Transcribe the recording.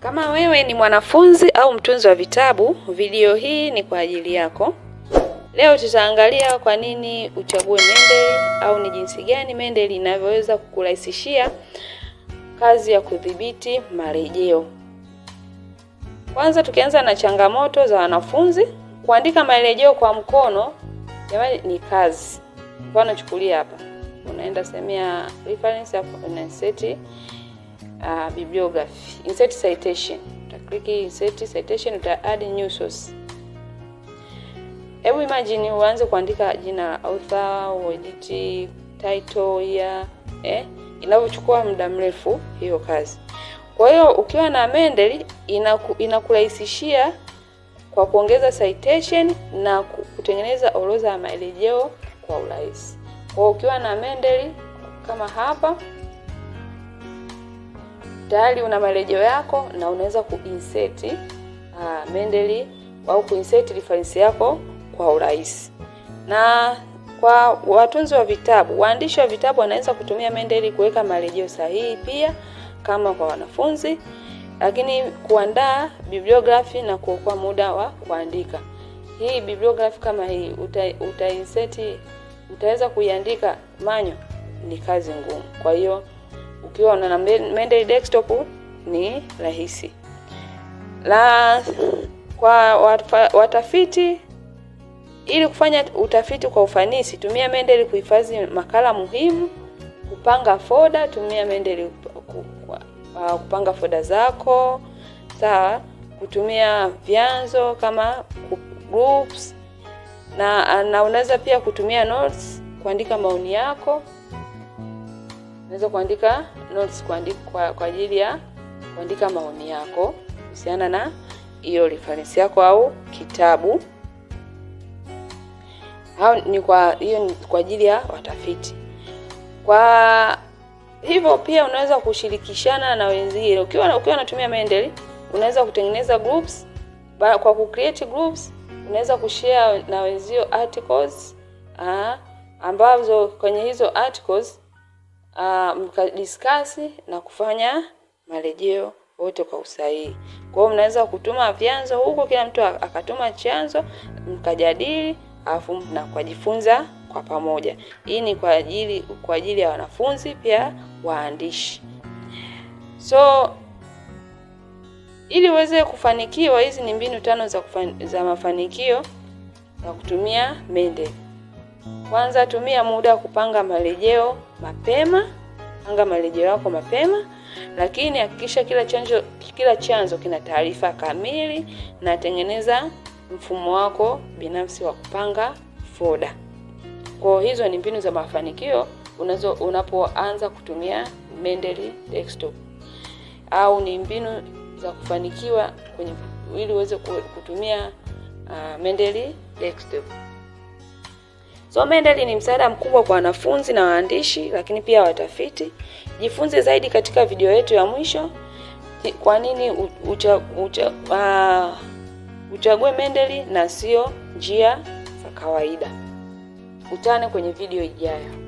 Kama wewe ni mwanafunzi au mtunzi wa vitabu, video hii ni kwa ajili yako. Leo tutaangalia kwa nini uchague mende au ni jinsi gani mende linavyoweza kukurahisishia kazi ya kudhibiti marejeo. Kwanza tukianza na changamoto za wanafunzi, kuandika marejeo kwa mkono jamani ni kazi. Mfano, chukulia hapa unaenda semea reference ya unaseti uh, bibliography. Insert citation. Utakliki insert citation, uta add new source. Hebu imagine uanze kuandika jina la author, edit title ya eh, inavyochukua muda mrefu hiyo kazi. Kwa hiyo ukiwa na Mendeley inaku, inakurahisishia kwa kuongeza citation na kutengeneza orodha ya marejeo kwa urahisi. Kwa ukiwa na Mendeley kama hapa tayari una marejeo yako na unaweza kuinset uh, ah, au kuinset reference yako kwa urahisi. Na kwa watunzi wa vitabu, waandishi wa vitabu wanaweza kutumia mendeli kuweka marejeo sahihi pia kama kwa wanafunzi, lakini kuandaa bibliografi na kuokoa muda wa kuandika. Hii bibliografi kama hii utaiseti uta utaweza kuiandika manyo, ni kazi ngumu, kwa hiyo ukiwa na Mendeley desktop ni rahisi. La kwa watafiti, ili kufanya utafiti kwa ufanisi, tumia Mendeley kuhifadhi makala muhimu. Kupanga foda, tumia Mendeley uh, kupanga foda zako, sawa. Kutumia vyanzo kama groups na, na unaweza pia kutumia notes kuandika maoni yako. Unaweza kuandika notes kuandika kwa, kwa ajili ya kuandika maoni yako kuhusiana na hiyo reference yako au kitabu. Hao ni kwa hiyo ni kwa ajili ya watafiti. Kwa hivyo pia unaweza kushirikishana na wenzio. Ukiwa ukiwa unatumia Mendel, unaweza kutengeneza groups kwa ku create groups, unaweza kushare na wenzio articles ah, ambazo kwenye hizo articles uh, ah, mkadiskasi na kufanya marejeo wote kwa usahihi. Kwa hiyo mnaweza kutuma vyanzo huko, kila mtu akatuma chanzo, mkajadili afu na kujifunza kwa pamoja. Hii ni kwa ajili kwa ajili ya wanafunzi pia waandishi. So ili uweze kufanikiwa, hizi ni mbinu tano za kufan, za mafanikio za kutumia Mende. Kwanza, tumia muda kupanga marejeo mapema, panga marejeo yako mapema, lakini hakikisha kila chanzo kila chanzo kina taarifa kamili, na tengeneza mfumo wako binafsi wa kupanga foda. Kwa hizo ni mbinu za mafanikio unazo unapoanza kutumia Mendeley Desktop, au ni mbinu za kufanikiwa kwenye ili uweze kutumia uh, ah, Mendeley Desktop. So Mendel ni msaada mkubwa kwa wanafunzi na waandishi, lakini pia watafiti. Jifunze zaidi katika video yetu ya mwisho, kwa nini ucha, ucha, uh, uchague mendeli na sio njia za kawaida. Kutane kwenye video ijayo.